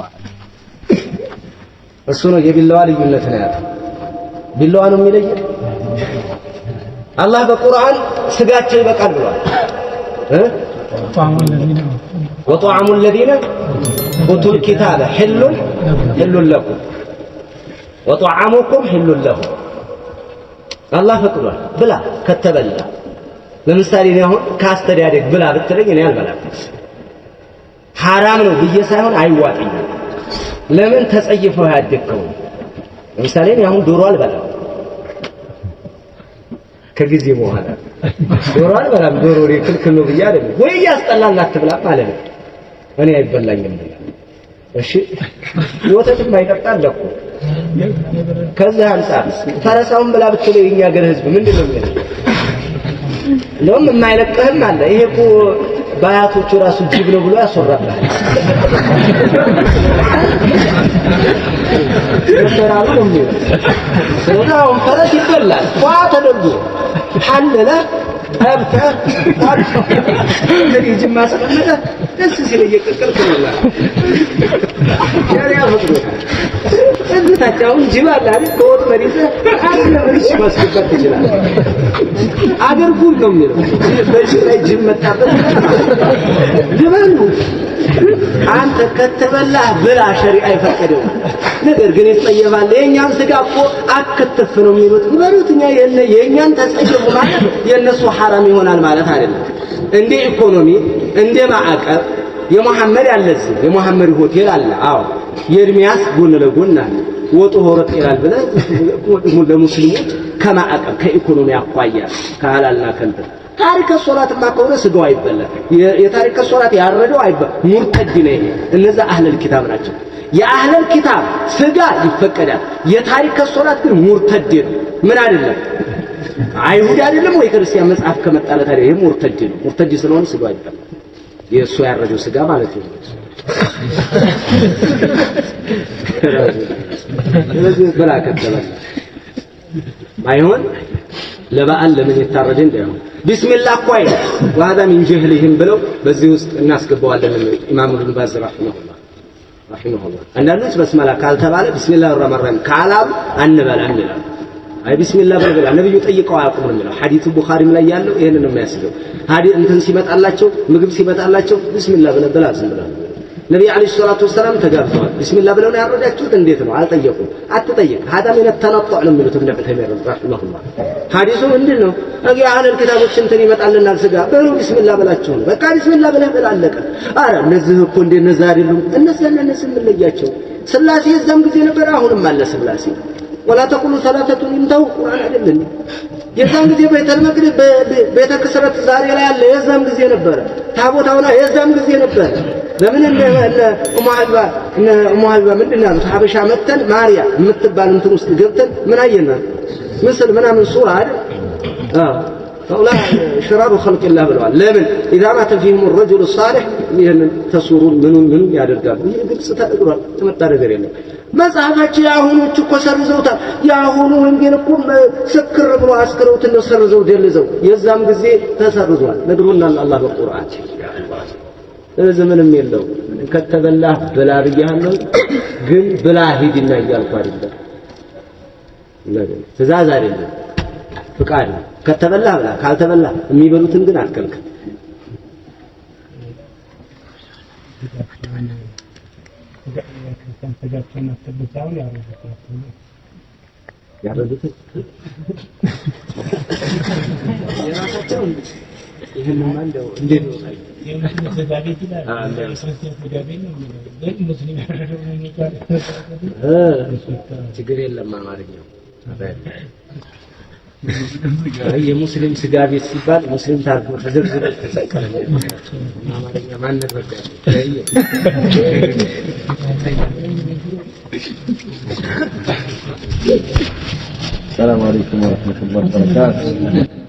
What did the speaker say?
ሰጥተዋል። እሱ ነው የቢላዋ ልዩነት ነው ያለው። ቢላዋ ነው የሚለይ። አላህ በቁርአን ስጋቸው ይበቃል ብሏል። ወጣዕሙ ለዚነ ኡቱል ኪታበ ሒሉን ሒሉን ለኩም ወጣዕሙኩም ሒሉን ለሁም አላህ ፈቅዷል ብላ ከተበላ ለምሳሌ እኔ አሁን ከአስተዳደግ ብላ ብትለኝ እኔ አልበላም። ሐራም ነው ብዬ ሳይሆን አይዋጥኝም ለምን ተጸይፈው ያደግከው? ለምሳሌ እኔ አሁን ዶሮ አልበላም። ከጊዜ በኋላ ዶሮ አልበላም። ዶሮ ክልክል ነው ብዬ አይደለም ወይ እያስጠላል አትብላም ማለት ነው። እኔ አይበላኝም። እሺ ወተትም አይጠጣል እኮ ከዚህ አንጻር ፈረሳውን ብላ ብትለው የኛ ሀገር ህዝብ ምንድን ነው የሚለው? እንደውም የማይለቅህም አለ። ይሄ እኮ በአያቶቹ ራሱ ጅብ ነው ብሎ ያስወራብሃል። ወተራሩ ነው የሚለው። ስለዚህ አሁን ፈረስ ይበላል ፏ ተደርጎ ሐለለ አብታ እንግዲህ ጅማ ስለመደ ደስ ሲል እየቀቀልክ ነው ያለ ያ የታጫውን ጅብ አለ አይደል ከወጥ መሪዘ አስለምርሽ ማስገባት ትችላለህ። አገርኩ ነው የሚለው በጅብ ላይ ጅብ መጣበት ልበሉ። አንተ ከተበላህ ብላ ሸሪዓ አይፈቀደው። ነገር ግን ይጸየፋል። የእኛም ስጋ እኮ አክትፍ ነው የሚሉት በሉት። እኛ የእኛን ተጸየፉ ማለት የእነሱ ሐራም ይሆናል ማለት አይደለም። እንደ ኢኮኖሚ እንደ ማዕቀብ የሙሐመድ አለ እዚህ ሆቴል አለ። አዎ የኤርሚያስ ጎን ለጎን አለ። ወጡ ሆረት ይላል ብለህ ለሙስሊሞች ከማዕቀብ ከኢኮኖሚ አኳያ ከሐላልና ከንት ታሪከ ሶላትማ ከሆነ ስጋው አይበላ። የታሪከ ሶላት ያረደው አይበላ። ሙርተድ ነው እነዛ አህለል ኪታብ ናቸው። የአህለል ኪታብ ስጋ ይፈቀዳል። የታሪከ ሶላት ግን ሙርተድ ነው። ምን አይደለም አይሁድ አይደለም ወይ ክርስቲያን መጽሐፍ ከመጣለ አይደለም። ይሄ ሙርተድ ነው። ሙርተድ ስለሆነ ስጋው አይበላ። የእሱ ያረደው ስጋ ማለት ነው። ስለዚህ ብላ ከተበላ ባይሆን ለበዓል ለምን የታረደ እንደው ቢስሚላህ ቆይ ዋዳ ምን ጀህልህም ብለው በዚህ ውስጥ እናስገባዋለን። ኢማም ኢብኑ ባዝ ረሂመሁላህ ረሂመሁላህ አንዳንዶች በስመላ ካልተባለ ቢስሚላህ ረመረም ካላም አንበላ አንበላም አይ ቢስሚላህ ብለህ ነብዩ ጠይቀው አያውቁም የሚለው ሐዲሱ ቡኻሪም ላይ ያለው ይሄንን ነው የሚያስገው። ሐዲ እንትን ሲመጣላቸው ምግብ ሲመጣላቸው ቢስሚላህ ብለህ ብላ ዝም ብላ ነቢ ዓለይሂ ሰላቱ ወሰላም ተጋብተዋል። ቢስሚላ ብለው ነው ያረዳችሁት? እንዴት ነው? አልጠየቁም። አትጠይቅ ሀዳ ሚነ ተነጦዕ ነው የሚሉት እብነ ዑተይሚን ረሒመሁላህ። ሀዲሱ ምንድን ነው? እንግዲህ አህለል ኪታቦች እንትን ይመጣልናል ስጋ በሉ ቢስሚላ ብላችሁ ነው። በቃ ቢስሚላ ብለህ ብላ አለቀ። አረ እነዚህ እኮ እንደ እነዚያ አይደሉም። እነዚያና እነዚህ የምንለያቸው ስላሴ እዛም ጊዜ ነበር፣ አሁንም አለ ስላሴ። ወላ ተቁሉ ሰላሰቱን ይንተው ቁርአን አይደለም። የዛም ጊዜ ቤተል መቅደስ ቤተ ክስረት ዛሬ ላይ አለ፣ የዛም ጊዜ ነበረ። ታቦታውና የዛም ጊዜ ነበር። ለምን እነ እሙ እነ እሙ ምንድን ያሉት ሀበሻ መተን ማርያ የምትባል እንትን ውስጥ ገብተን ምን አየናል ምስል ምናምን ሱራ አይደል فهؤلاء ሽራሩ ኸልቅላህ ብለዋል። ለምን ኢዛ ማተ ፊህም ረጅሉ ሳሌሕ ይህንን ተሱሩን ምኑን ምኑን ያደርጋሉ። ይህ ግልጽ ተነግሯል። ተመጣ ነገር የለም። መጽሐፋቸው የአሁኖች እኮ ሰርዘውታል። የአሁኑ ወንጌል እኮ ስክር ብሎ አስክረውት ነው ሰርዘው ደልዘው፣ የዛም ጊዜ ተሰርዟል። ነግሮናል አላህ በቁርአን። ስለዚህ ምንም የለው ከተበላ ብላ ብያለሁ፣ ግን ብላ ሂድና እያልኩ አይደለም፣ ትእዛዝ አይደለም ፍቃድ ነው። ከተበላ ብላ፣ ካልተበላ የሚበሉትን ግን አትከልክል። ችግር የለም አማርኛው የሙስሊም ስጋ ቤት ሲባል ሙስሊም ታርጎ ተዘርዝሮ ተሰቀለ አማርኛ ማን ነበር? ሰላም አለይኩም ወረህመቱላሂ ወበረካቱ